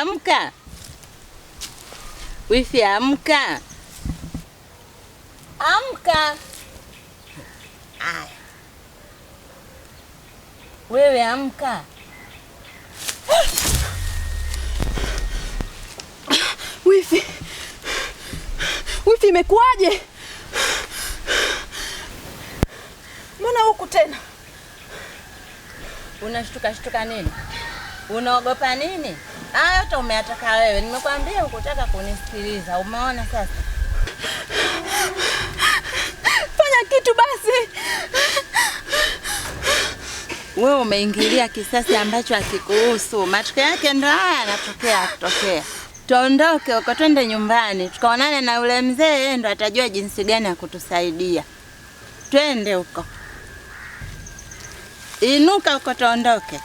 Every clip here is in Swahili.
amka. Wifi amka. Amka. Aya. Wewe amka. Wifi. Wifi imekuwaje? Mbona huku tena? Unashtuka shtuka nini? Unaogopa nini? Hayo yote umeyataka wewe, nimekwambia ukutaka kunisikiliza. Umeona sasa, fanya kitu basi. Wewe umeingilia kisasi ambacho hakikuhusu. Matokeo yake ndo haya yanatokea kutokea. Tuondoke huko twende nyumbani tukaonane na yule mzee, yeye ndo atajua jinsi gani ya kutusaidia. Twende huko, inuka huko, tuondoke.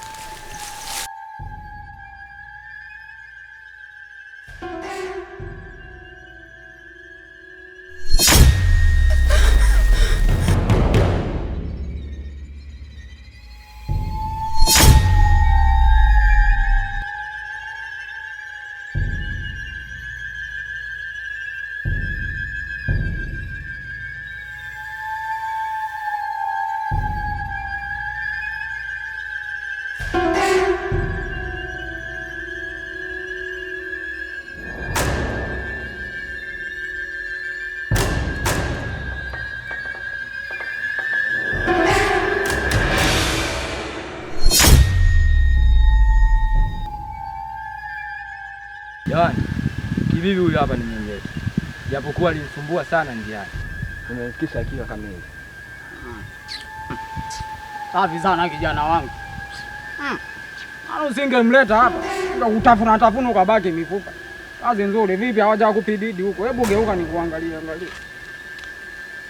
vivi huyu hapa ni mwenyeji, japokuwa alinisumbua sana njiani. Nimemfikisha akiwa kamili. Ah. Safi sana kijana wangu. Hmm. Ana usingemleta hapa utafuna tafuna ukabaki mifupa. Kazi nzuri vipi, hawaja kupididi huko? Hebu geuka nikuangalie angalie.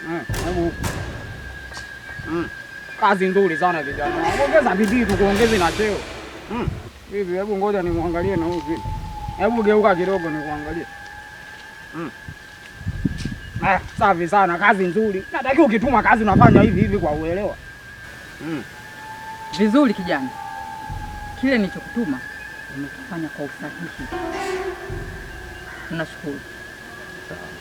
Hmm, hebu hmm. kazi nzuri sana kijana ongeza bidii tu, tukuongeze na cheo. Hivi hebu ngoja nimwangalie na huyu vipi Hebu geuka kidogo nikuangalie. Mm. Ah, safi sana, kazi nzuri. Nataki ukituma kazi unafanya hivi hivi kwa uelewa. Mm. Vizuri kijana, kile nilichokutuma umekifanya kwa usahihi, tunashukuru. Sawa.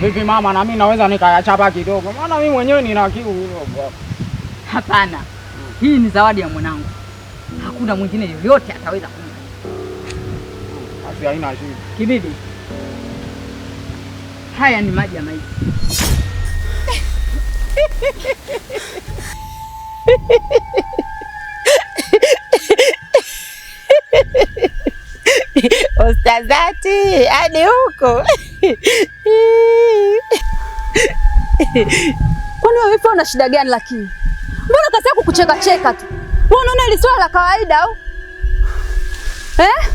Vipi mama, na mimi naweza nikayachapa kidogo, maana mimi mwenyewe nina kiu Hapana, hii ni zawadi ya mwanangu, hakuna mwingine yoyote ataweza kumpa. Basi haina shida kibibi. Haya ni maji ya maiti. za dhati hadi huko. Kwani wewe una shida gani? Lakini mbona kazi yako kucheka cheka tu? Wewe unaona ile swala la kawaida au eh?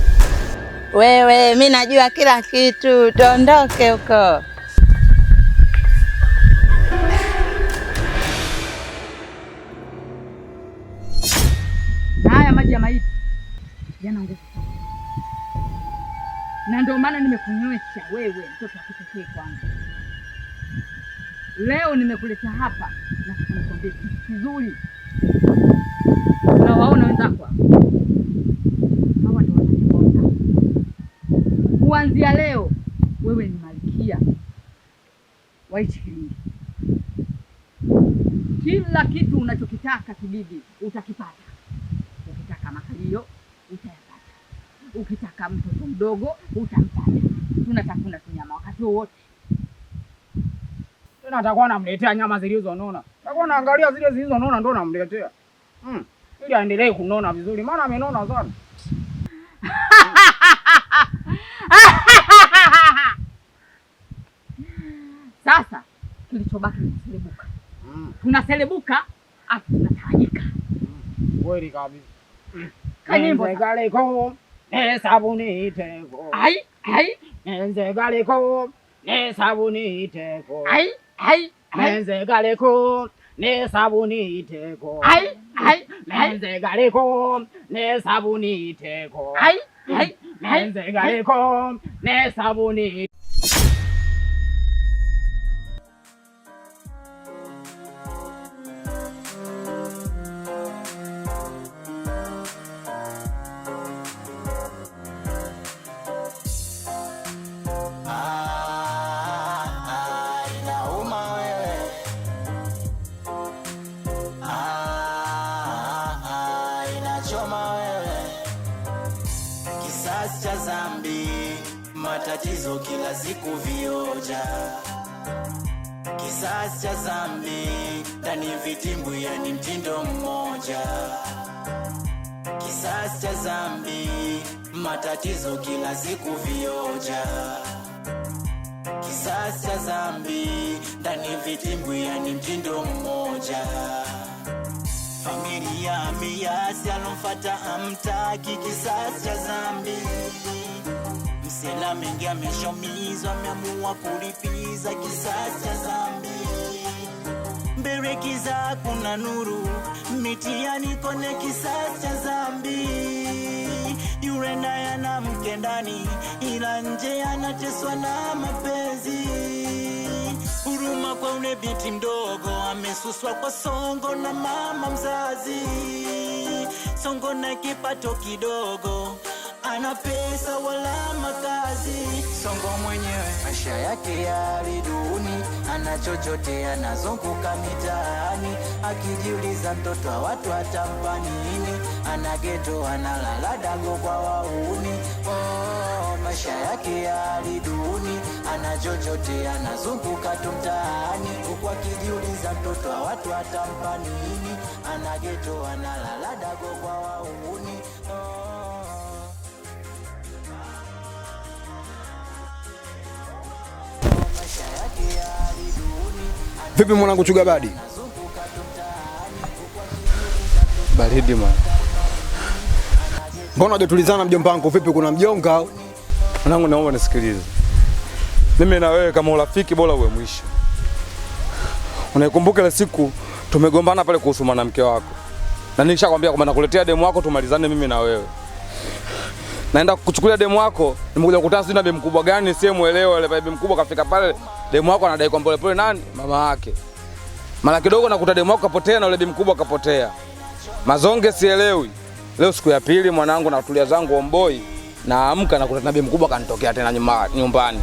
Wewe mi najua kila kitu, tuondoke huko. Haya maji ya maiti jana nguvu na ndio maana nimekunywesha wewe mtoto wa kipekee kwangu. Leo nimekuleta hapa na nikwambie kitu kizuri, na waona wenzako hawa ndio wanachoona. Kuanzia leo wewe ni malkia wa hichi kijiji, kila kitu unachokitaka kijiji utakipata. ukitaka mtoto mdogo utampata, tunatafuna tu nyama wakati wowote tena. Atakuwa namletea nyama zilizonona, atakuwa naangalia zile zilizonona ndo namletea mm, ili aendelee kunona vizuri, maana amenona sana. Sasa kilichobaki ni kuselebuka. Mm. Tunaselebuka afu tunatawanyika. Hmm. Kweli kabisa. Kanyimbo kale kwa 내 사분이 되고 아이 아이 냄새 가리고 내 사분이 되고 아이 아이 냄새 가리고 내 사분이 되고 아이 아이 냄새 가리고 내 사분이 되고 아이 아이 냄새 가리고 내 사분이 hasa zambi ndani vitimbwi, yani mtindo mmoja. Familia miasi alomfata amtaki, kisasi cha zambi. Msela mengi ameshomizwa, ameamua kulipiza kisasi cha zambi. Mberekiza kuna nuru mitiani kisasi cha zambi yule naye ana mke ndani, ila nje anateswa na mapenzi. Huruma kwa ule binti mdogo, amesuswa kwa songo na mama mzazi. Songo na kipato kidogo, ana pesa wala makazi. Songo mwenyewe maisha yake yali duni, ana chochote anazunguka mitaani, akijiuliza mtoto wa watu atampa nini? anageto analala dago kwa wauni oh, maisha yake ya biduni, ana anazunguka tu mtaani, huku akijiuliza mtoto wa watu atampa nini? Anageto analala dago kwa wauni Vipi mwanangu Chugabadi? Baridi mwana. Mbona hujatulizana mjomba wangu? Vipi, kuna mjonga? Mwanangu, naomba nisikilize. Mimi na wewe kama urafiki bora uwe mwisho. Unaikumbuka ile siku tumegombana pale kuhusu mwanamke wako, na nilishakwambia kwamba nakuletea demu wako tumalizane mimi na wewe. Naenda kuchukulia demu wako, nimekuja kukutana sijui na bibi mkubwa gani, simuelewa. Ile bibi mkubwa kafika pale, demu wako anadai kwa pole pole, nani mama yake. Mara kidogo nakuta demu wako kapotea na yule bibi mkubwa kapotea. Mazonge sielewi. Leo siku ya pili mwanangu, na tulia zangu omboi, naamka kuna tabia mkubwa kanitokea tena nyumbani,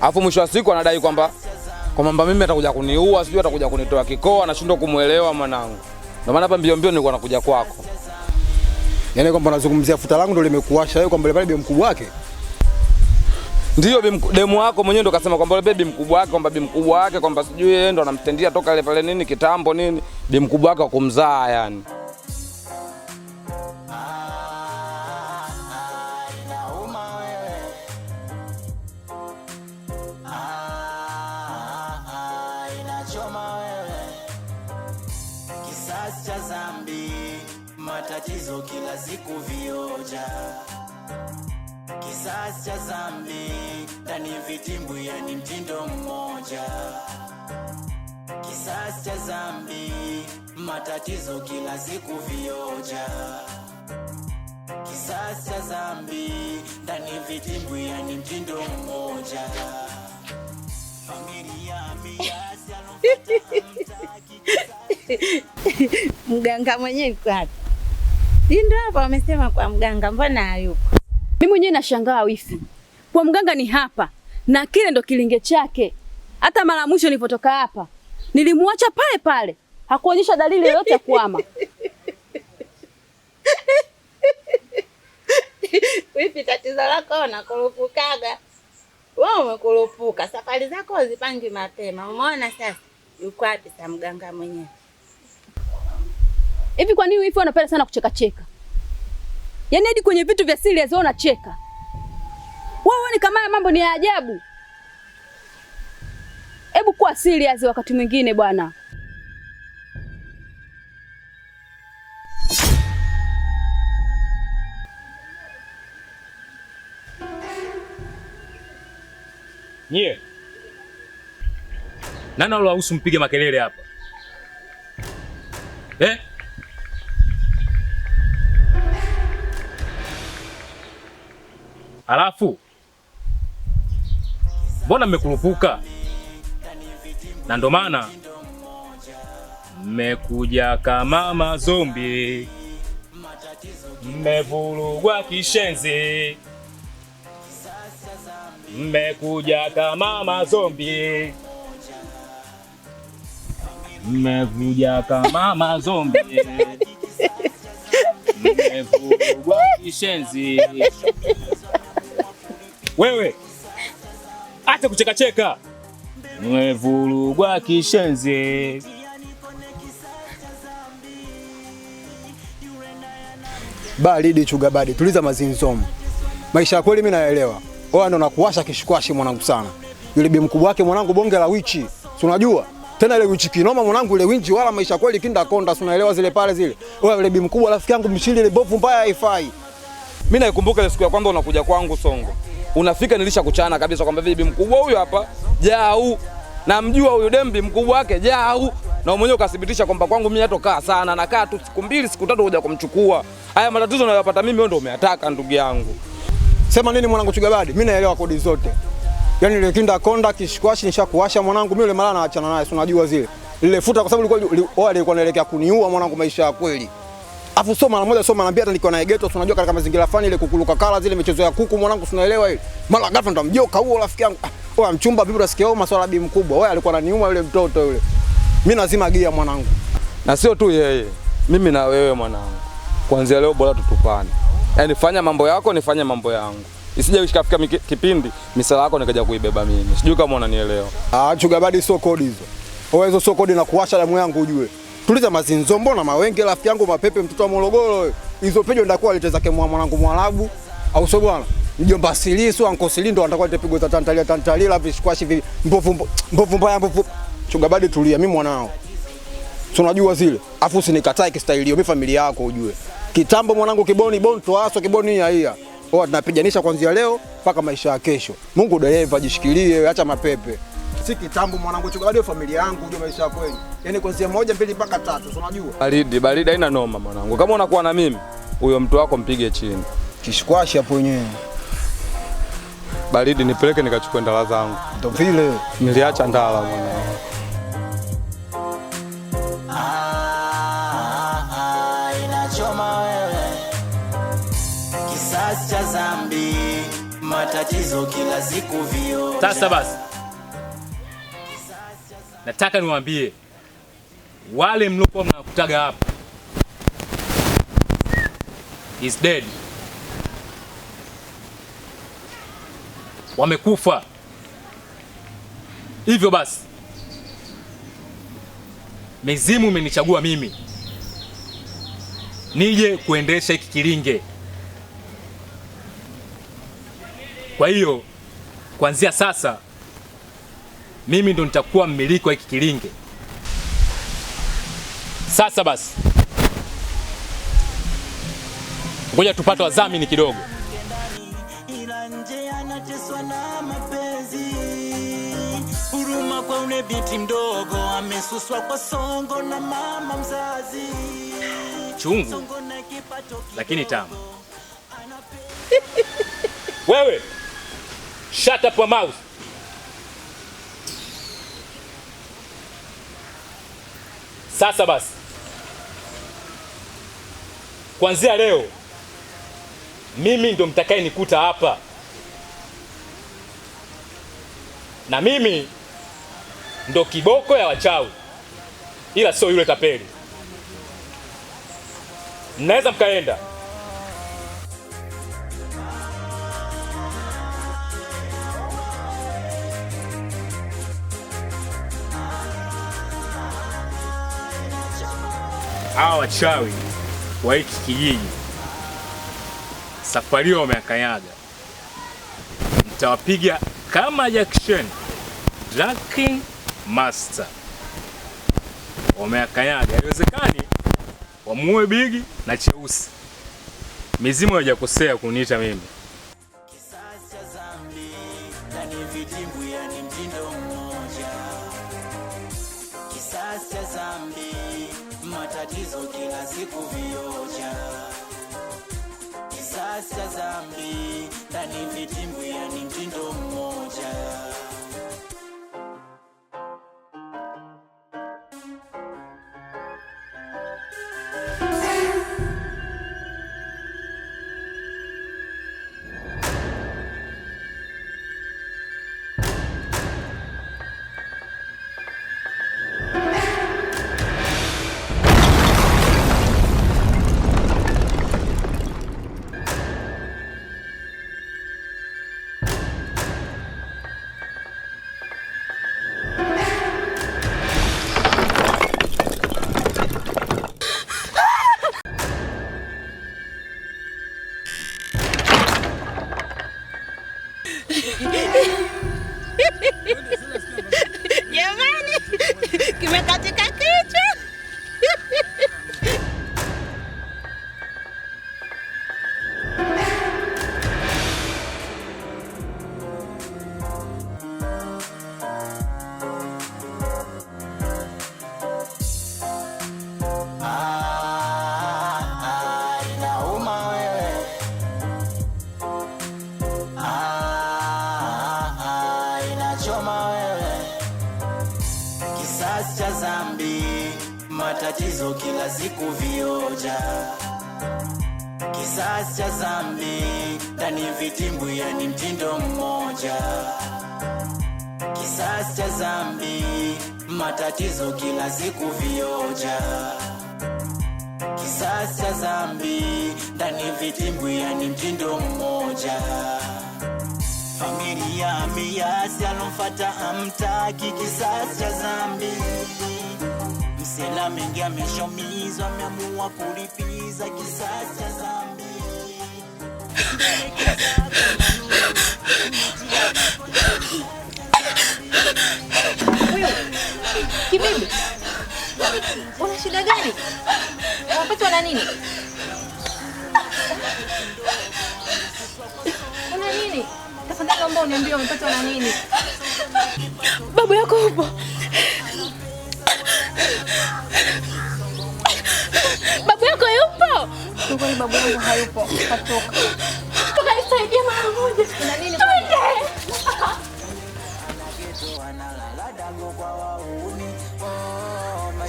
alafu mwisho wa siku anadai kwamba kwa mamba mimi atakuja kuniua, sijui atakuja kunitoa kikoa. Nashindwa kumuelewa mwanangu, ndio maana hapa mbio mbio nilikuwa nakuja kwako. Yaani kwamba nazungumzia futa langu ndio limekuwasha wewe, kwamba yule bibi mkubwa wake ndiyo demu wako mwenyewe, ndo kasema kwamba yule bibi mkubwa wake, kwamba bibi mkubwa wake, kwamba sijui yeye ndo anamtendia toka ile pale nini kitambo nini, bibi mkubwa wake kumzaa yani. dhambi ndani vitimbwi, ni mtindo mmoja, kisasi cha zambi matatizo kila siku vioja, kisasi cha zambi ndani vitimbwi, ni mtindo mmoja mganga mwenyewe yuko hii ndo hapa wamesema kwa mganga, mbona hayupo? mi mwenyewe nashangaa wifi kwa mganga ni hapa, na kile ndo kilinge chake. Hata mara mwisho nilipotoka hapa nilimwacha pale pale, hakuonyesha dalili yoyote ya kuama. Vipi, tatizo lako nakurupukaga wewe? Umekurupuka, safari zako zipangi mapema. Umeona sasa yuko wapi sa mganga mwenyewe? Hivi kwa nini hivi unapenda sana kuchekacheka? Yaani hadi kwenye vitu vya siri wewe unacheka. Wewe uone kama haya mambo ni ya ajabu? Hebu kuwa serious wakati mwingine bwana. Nye yeah. Nani aliwaruhusu mpige makelele hapa eh? Alafu mbona mmekurupuka? Na ndo maana mmekuja kama mazombi, mmevurugwa kishenzi, mmekuja kama mazombi, mmevuja kama mazombi, mmevurugwa kishenzi. Wewe Aache kuchekacheka. Mwevurugwa kishenzi. Baridi chuga baridi, tuliza mazinzomu. Maisha ya kweli mimi naelewa. Oa ndo nakuwasha kishikwashi mwanangu sana. Yule bi mkubwa wake mwanangu bonge la wichi. Si unajua? Tena ile wichi kinoma mwanangu ile winji wala maisha kweli kinda konda, si unaelewa zile pale zile. Oa yule bi mkubwa rafiki yangu mshili ile bovu mbaya haifai. Mimi naikumbuka ile siku ya kwanza unakuja kwangu Songo unafika nilisha kuchana kabisa kwamba vipi mkubwa huyu hapa Jau, namjua huyu dembi mkubwa wake Jau, na mwenyewe ukathibitisha kwamba kwangu mimi hatokaa sana, nakaa tu siku mbili siku tatu kuja kumchukua. Haya matatizo nayopata mimi ndio umeataka ndugu yangu. Sema nini mwanangu Chugabadi, mimi naelewa kodi zote. Yaani ile kinda konda kishikwashi nishakuwasha mwanangu, mimi yule mara naachana naye, si unajua zile. Lile futa kwa sababu ilikuwa wale walikuwa naelekea kuniua mwanangu, maisha ya kweli. Afu sio mara moja, sio mara mbili, hata nikiwa na so unajua katika mazingira fulani ile kukuluka kala zile michezo ya kuku mwanangu si tunaelewa ile. Mara ghafla ndo mjoka huo rafiki yangu. Oya ah, mchumba vipi unasikia huo maswala bi mkubwa. Wewe alikuwa ananiuma yule mtoto yule. Mimi nazima gia mwanangu. Na sio tu yeye. Mimi na wewe mwanangu. Kuanzia leo bora tutupane. Yaani eh, fanya mambo yako, nifanye mambo yangu. Isije ikafika kipindi misala yako nikaja kuibeba mimi. Sijui kama unanielewa. Ah, chuga badi sio kodi hizo. Wewe hizo sio kodi na kuwasha damu yangu ujue tuliza mazinzo, mbona mawenge rafiki yangu mapepe, mtoto wa Morogoro, hizo pejo ndakuwa lete zake mwa mwanangu Mwarabu, au sio bwana? Mjomba sili sio anko sili ndo atakuwa lete pigo za tantalia tantalia la vishkwashi vi mbovu mbovu mbaya mbovu. Chunga badi tulia, mimi mwanao si unajua zile, afu usinikatae kistaili, hiyo, mimi familia yako ujue kitambo mwanangu, kiboni bonto aso kiboni ya haia Oa tunapijanisha kuanzia leo mpaka maisha ya kesho. Mungu dereva, jishikilie, acha mapepe si kitambo mwanangu, chugadio familia yangu, ndio maisha ya kweli. Yaani kuanzia moja mbili mpaka tatu, unajua. Baridi baridi haina noma mwanangu, kama unakuwa na mimi huyo mtu wako mpige chini kishikwashi hapo wenyewe. Baridi nipeleke nikachukue ndala zangu, ndio vile niliacha ndala mwanangu. Kisasi Sasa basi nataka niwaambie wale mliokuwa mnakutaga hapa is dead, wamekufa. Hivyo basi mizimu imenichagua mimi nije kuendesha hiki kilinge. Kwa hiyo kuanzia sasa mimi ndo nitakuwa mmiliki wa hiki kilinge. Sasa basi, ngoja tupate wadhamini kidogo. Huruma kwa ule binti mdogo, amesuswa kwa songo na mama mzazi. Chungu lakini tamu. Wewe shut up your mouth. Sasa basi, kuanzia leo mimi ndo mtakaye nikuta hapa, na mimi ndo kiboko ya wachawi, ila sio yule tapeli. Mnaweza mkaenda. hawa wachawi wa hiki kijiji safari hiyo wameakanyaga, mtawapiga kama Jackson Drunken Master wameakanyaga. Haiwezekani wamuue Bigi na Cheusi. Mizimu haijakosea kuniita mimi. tatizo kila siku vioja, kisasi cha dhambi ni mtindo mmoja. Familia miasi, alomfata amtaki, kisasi cha zambi. Msela mengi ameshomizwa, ameamua kulipiza kisasi cha zambi. Kibibi, una shida gani? Wapati wana nini? Una nini? Tafadhali naomba uniambie umepatwa na nini? Babu yako yupo? Babu yako yupo? Kwani babu yangu hayupo. Katoka. Toka nisaidie mara moja. Una nini? Twende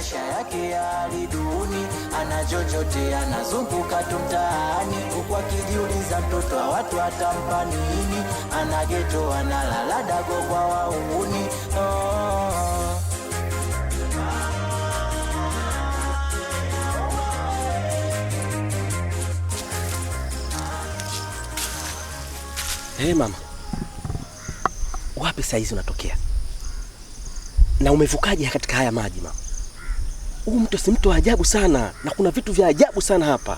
maisha yake ya hali duni, ana chochote anazunguka tu mtaani, huku akijiuliza mtoto wa watu atampa nini? Ana geto analala dago kwa wauni oh. Hey mama, wapi saizi unatokea na umevukaje katika haya maji mama? Huu mto si mto wa ajabu sana na kuna vitu vya ajabu sana hapa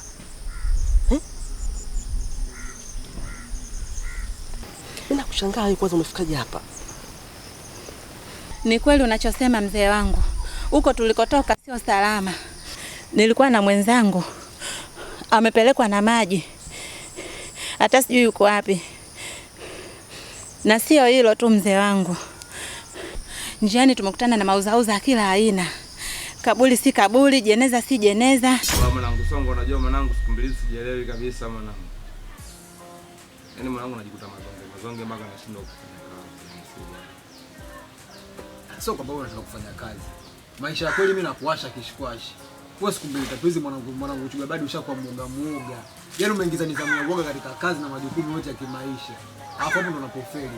eh? Hmm? Mimi nakushangaa wewe, kwanza umefikaje hapa? Ni kweli unachosema mzee wangu, huko tulikotoka sio salama. Nilikuwa na mwenzangu amepelekwa na maji, hata sijui yuko wapi. Na sio hilo tu mzee wangu, njiani tumekutana na mauzauza kila aina kaburi si kaburi, jeneza si jeneza. Mwanangu Songo, unajua mwanangu, siku mbili sijielewi kabisa mwanangu. Yaani mwanangu anajikuta mazonge mazonge mpaka anashindwa kufanya kazi. Sio kwamba wewe unataka kufanya kazi. Maisha ya kweli mimi nakuwasha kishikwashi. Wewe siku mbili tatu hizi mwanangu mwanangu uchuga bado ushakuwa muoga muoga. Yaani umeingiza nidhamu ya uoga katika kazi na majukumu yote ya kimaisha. Hapo ndo unapofeli.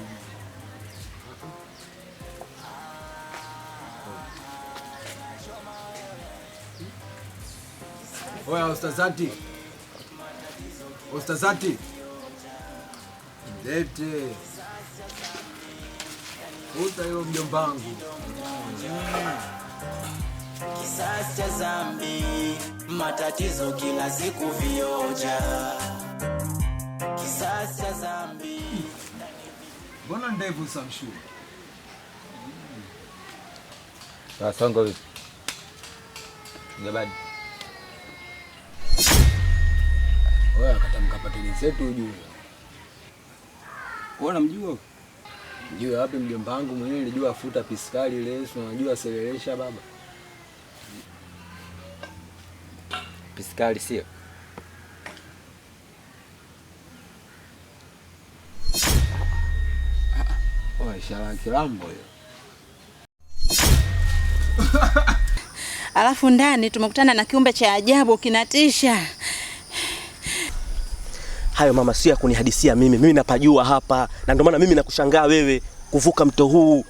Oya ustazati, ustazati, mlete uta hilo mjombangu. Kisasi cha zambi, matatizo kila siku vioja. Kisasi cha zambi. Mbona ndevu samshua? Kasongo vipi? Jabadi. Wewe akatamka pateni zetu ujue. Wewe unamjua? Mjua wapi mjomba wangu mwenyewe nilijua afuta piskali ile Yesu unajua selelesha baba. Piskali sio? Ah, ishara kilambo hiyo. Alafu ndani tumekutana na kiumbe cha ajabu kinatisha hayo mama, sio ya kunihadisia mimi, mimi napajua hapa, na ndio maana mimi nakushangaa wewe kuvuka mto huu.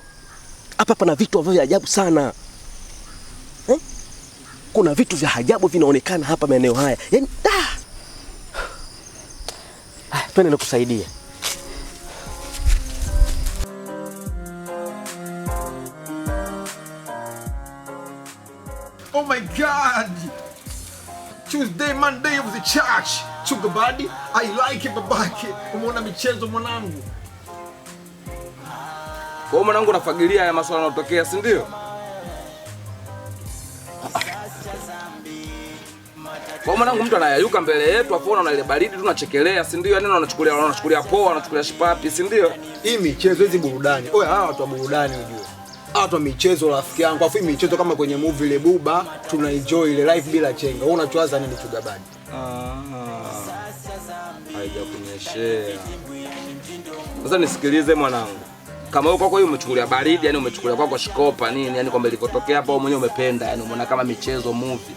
Hapa pana vitu vya ajabu sana eh? Kuna vitu vya ajabu vinaonekana hapa maeneo haya, yani, ah! Twende nikusaidia. Chugabadi, I like babake. Umeona michezo mwanangu. Kwa mwanangu, nafagilia ya maswala yanayotokea, si ndio? Kwa mwanangu, mtu anayayuka mbele yetu hapo, na ile baridi tu tunachekelea, si ndio? Yaani wanachukulia wanachukulia poa, wanachukulia shipapi, si ndio? Hii michezo hizi burudani. Oya, hawa watu wa burudani ujue. Hawa watu wa michezo rafiki yangu. Afu michezo kama kwenye movie ile buba, tunaenjoy ile life bila chenga. Wewe unachowaza nini Chugabadi? haijakunyeshea. Sasa nisikilize mwanangu, kama huko kwako umechukulia baridi, yani umechukulia kwako shikopa nini, yani kwamba ilikotokea hapo wewe mwenyewe umependa, yani umeona kama michezo movie,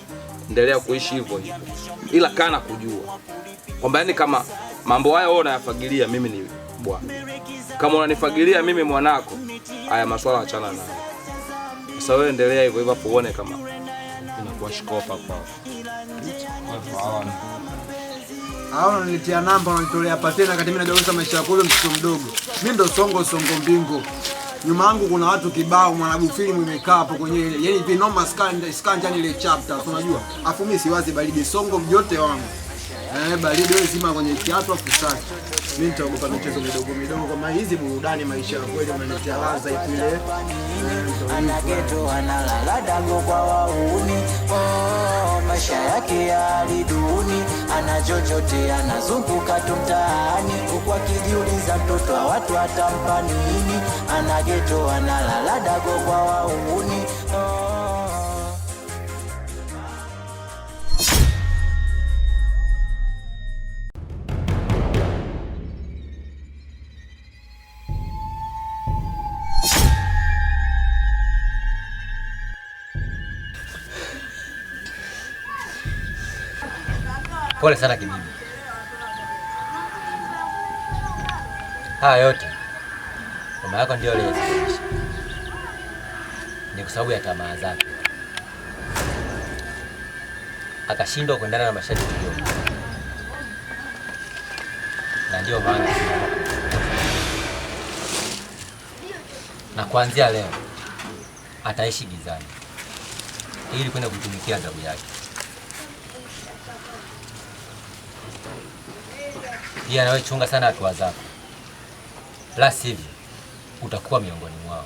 endelea kuishi hivyo hivyo, ila kana kujua kwamba yani kama mambo haya wewe unayafagilia, mimi ni bwana. Kama unanifagilia mimi mwanako, haya maswala achana nayo. Sasa wewe endelea hivyo hivyo, hapo, uone kama inakuwa shikopa kwako au nanitia namba unanitolea hapa tena, kati mimi nadogosa maisha ya kule mtoto mdogo. Mimi ndo songo songo mbingo, nyuma yangu kuna watu kibao, mwanabu filimu imekaa hapo kwenye yani vinoma skanja ile chapter, unajua afu mimi siwazi baridi songo mjote wangu Eh, baridi wewe zima kwenye kiatu afu safi. Mimi nitaogopa michezo midogo midogo kama hizi burudani maisha ya kweli unanitia laza ipi ile. Eh, Anageto analala damu kwa wauni. Oh, maisha yake ya liduni. Ana chochote anazunguka tu mtaani. Huku akijiuliza mtoto wa watu atampa nini? Anageto analala dago kwa wauni. Oh, Pole sana kibibi. Haya yote mama yako ndio aliyesababisha, ni kwa sababu ya tamaa zake, akashindwa kuendana na masharti hiyo, na, ndio maana na kuanzia leo ataishi gizani ili kwenda kutumikia adhabu yake. Pia nawe chunga sana hatua zako, la sivyo utakuwa miongoni mwao.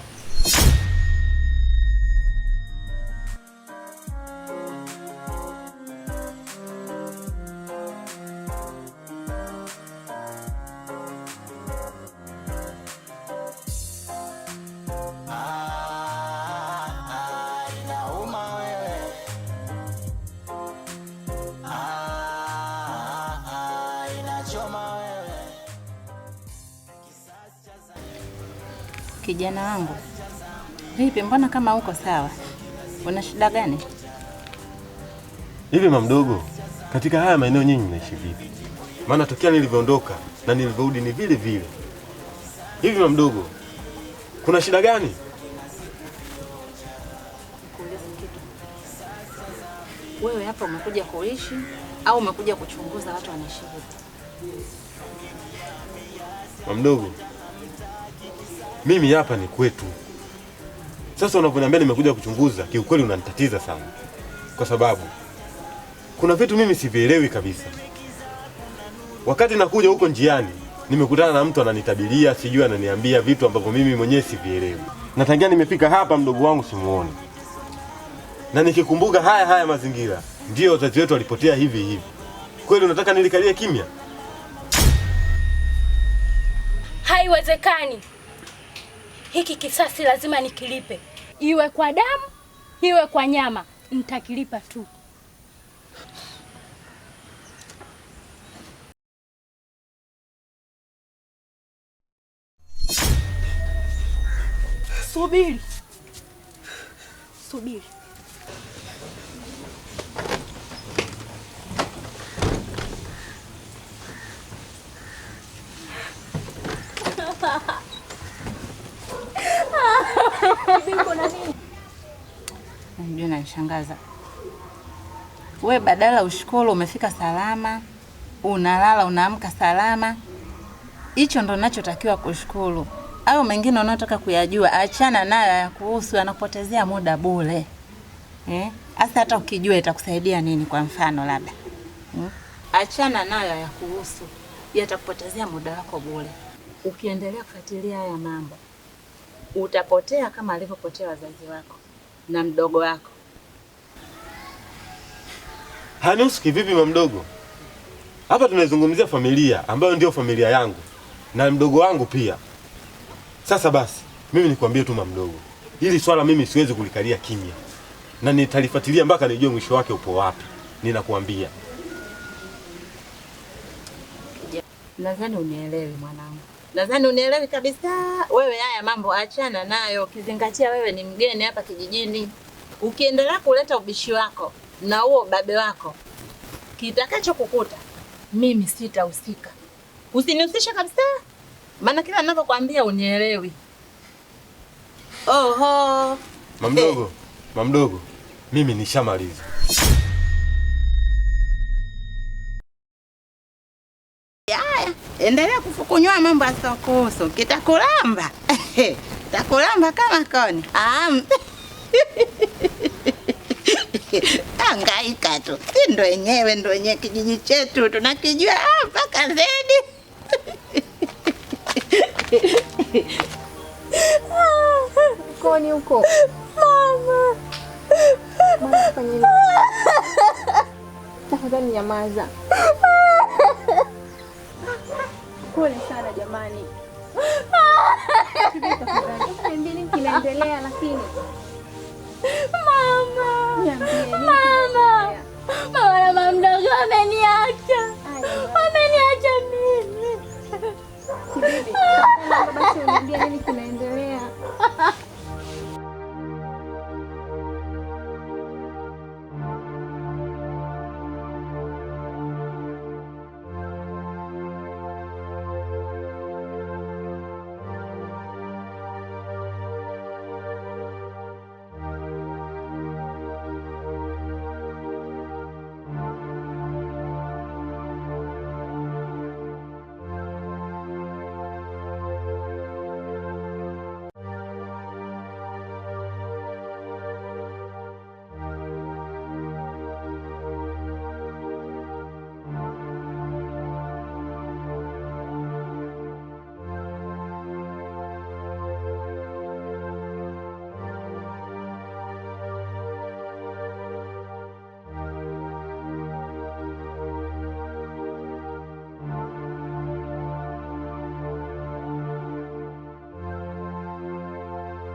mbona kama uko sawa? Una shida gani? Hivi mamdogo, katika haya maeneo nyinyi mnaishi vipi? Maana tokea nilivyoondoka na nilivyorudi ni vile vile. Hivi mamdogo, kuna shida gani? Wewe hapa umekuja kuishi au umekuja kuchunguza watu wanaishi vipi? Mamdogo, mimi hapa ni kwetu sasa unavyoniambia nimekuja kuchunguza, kiukweli unanitatiza sana, kwa sababu kuna vitu mimi sivielewi kabisa. Wakati nakuja huko njiani, nimekutana na mtu ananitabiria, sijui ananiambia vitu ambavyo mimi mwenyewe sivielewi, natangia nimefika hapa mdogo wangu simuoni, na nikikumbuka haya haya mazingira, ndiyo wazazi wetu walipotea hivi hivi. Kweli unataka nilikalie kimya? Haiwezekani hiki kisasi lazima nikilipe, iwe kwa damu iwe kwa nyama, nitakilipa tu. Subiri, subiri. inanishangaza. We badala ushukuru umefika salama, unalala unaamka salama, hicho ndo nachotakiwa kushukuru. Au mengine unaotaka kuyajua achana nayo, yakuhusu, yanapotezea muda bure eh? Hasa hata ukijua itakusaidia nini? Kwa mfano labda hmm? Achana nayo, yakuhusu, yatakupotezea muda wako bure. Ukiendelea kufuatilia haya mambo utapotea kama alivyopotea wazazi wako na mdogo wako Hanuski, vipi mama mdogo? Hapa tunaizungumzia familia ambayo ndio familia yangu na mdogo wangu pia. Sasa basi, mimi nikwambie tu mama mdogo, hili swala mimi siwezi kulikalia kimya, na nitalifuatilia mpaka nijue mwisho wake upo wapi. Ninakuambia. Nadhani unielewi mwanangu, nadhani unielewi kabisa. Wewe haya mambo achana nayo, ukizingatia wewe ni mgeni hapa kijijini. Ukiendelea kuleta ubishi wako na huo babe wako, kukuta mimi sitahusika. Usinihusishe kabisa, maana kila ninavyokwambia unielewi. Oho mamdogo, Mamdogo, mimi nishamaliza. aya endelea kufukunywa mambo asokoso, kitakulamba takulamba kama koni Angaika tu, si ndo wenyewe ndo wenyewe kijiji chetu tunakijua ah, mpaka ah, zaidi koni huko mama, mama tafadhali nyamaza. Pole sana jamani, kinaendelea lakini mama Mama, mama na mama mdogo wameniacha, wameniacha mimi.